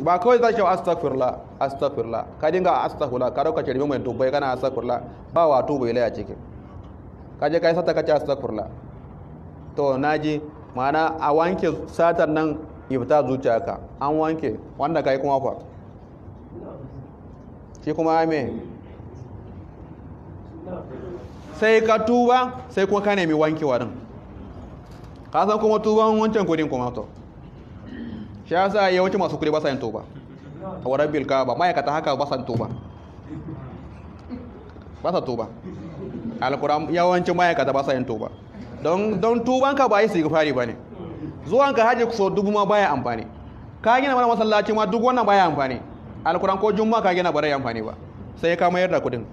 ba kawai zaki wa astaghfirullah astaghfirullah ka dinga astaghfirullah ka dauka kirmi mai dubbai gana astaghfirullah ba wato bai laya ciki ka je yi sata kace astaghfirullah to na ji ma'ana a wanke satan nan ibta ka an wanke wanda yi kuma kwa shi kuma me sai ka tuba sai kuma ka nemi wanke din ka san kuma tuban wancan kudin kuma to shi sa yawancin masu kuɗi ba sa yin toba tawarar bilka ba ma'aikata haka ba sa toba basa toba alkuram yawancin ma'aikata ba sa yin toba don don tuban ka ba yi fari ba ne zuwan ka haji kusa dubu ma baya amfani ka gina mana masallaci ma duk wannan baya amfani alkuram ko jumma ka gina bare amfani ba sai ka mayar da kudin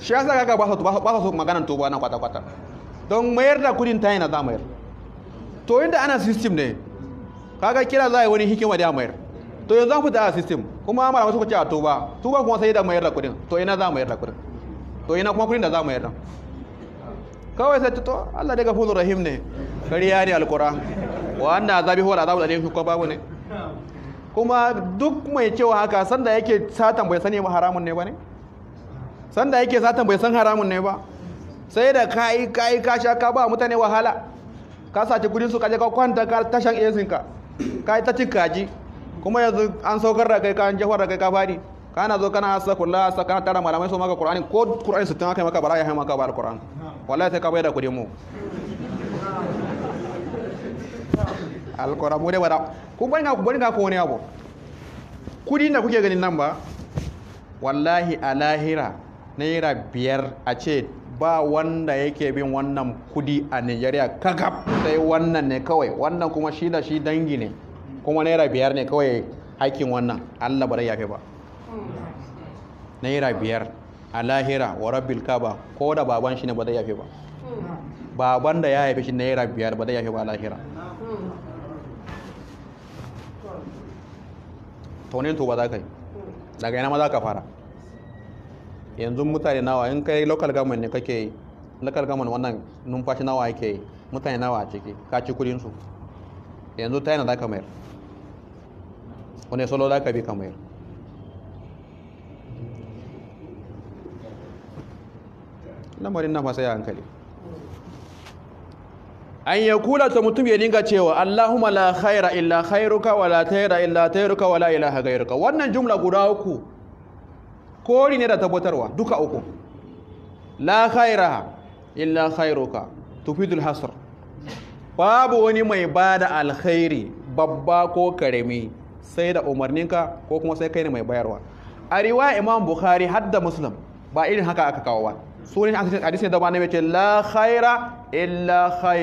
shi ya sa ba sa su sa maganan tuba na kwata kwata don mayar da kudin ta yi za mayar to inda ana system ne kaga kira za a yi wani hikima da mayar to yanzu an fita a system kuma malamai wasu ce a tuba tuba kuma sai da mayar da kudin to ina za a mayar da kudin to ina kuma kudin da za a mayar da kawai sai to Allah daga fulu rahim ne kariya ne alqura wa anna azabi huwa azabul alim ko babu ne kuma duk mai cewa haka sanda yake satan bai sani haramun ne ba ne sanda yake satan bai san haramun ne ba sai da kai kai ka sha ka ba mutane wahala ka saci gudun su kaje ka kwanta ka tashan esin ka ka yi ta cin kaji kuma yanzu an saukar da kai ka an jahwar da kai ka fadi kana zo kana hasa kula hasa kana tara malamai so maka qur'ani ko qur'ani su maka maka bara ya haima maka ba alquran wallahi sai ka bayar da kudin mu alquran mu dai wada ku bari ga ku ga wani abu kudi da kuke ganin nan ba wallahi alahira naira biyar a ce ba wanda yake bin wannan kudi a nigeria ta sai wannan ne kawai wannan kuma shi da shi dangi ne kuma naira biyar ne kawai haƙƙin wannan allah ba yafe ba naira biyar a lahira wa rabbil kaba ko da baban shi ne ba zai yafe ba baban da ya haife shi naira biyar ba zai yafe ba a lahira taunin to ba za ka yi daga yana ma za ka fara yanzu mutane nawa in kai local government ne kake yi local government wannan numfashi nawa yake yi mutane nawa a ciki ka ci kudin su yanzu ta yana zaka mayar wani solo zaka bi ka mayar lamarin na masaya hankali an ya kula ta mutum ya dinga cewa Allahumma la khaira illa khairuka wa la tayra illa tayruka wa la ilaha gairuka wannan jumla guda uku kori ne da tabbatarwa duka uku la khairaha illa khairuka tufidul hasr babu wani mai bada alkhairi babba ko karami sai da umarninka ko kuma sai kai ne mai bayarwa a riwaya imam bukhari hadda da muslim ba irin haka aka kawo ba sunan hadisi da ba ne ce la khaira illa khair